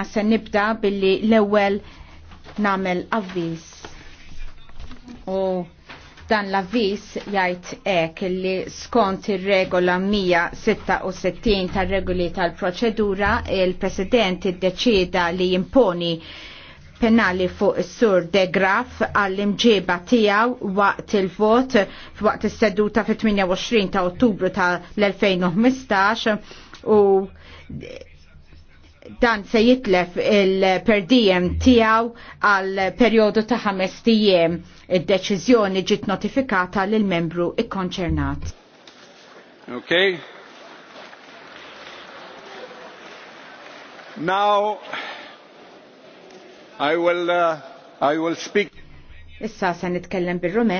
għasen se nibda billi l-ewwel nagħmel avvis. U dan l avvis jgħid hekk li skont ir-regola 166 tar-regoli tal-proċedura il-President iddeċieda li jimponi penali fuq is-sur de Graf għall-imġiba tiegħu waqt il-vot waqt is-seduta fit-28 ta' Ottubru tal-2015 u dan se jitlef il-per diem tijaw għal periodu ta' ħames tijiem. Id-deċizjoni ġit notifikata lil membru ikkonċernat. Ok. Now I will uh, I will speak Issa se nitkellem bil rumen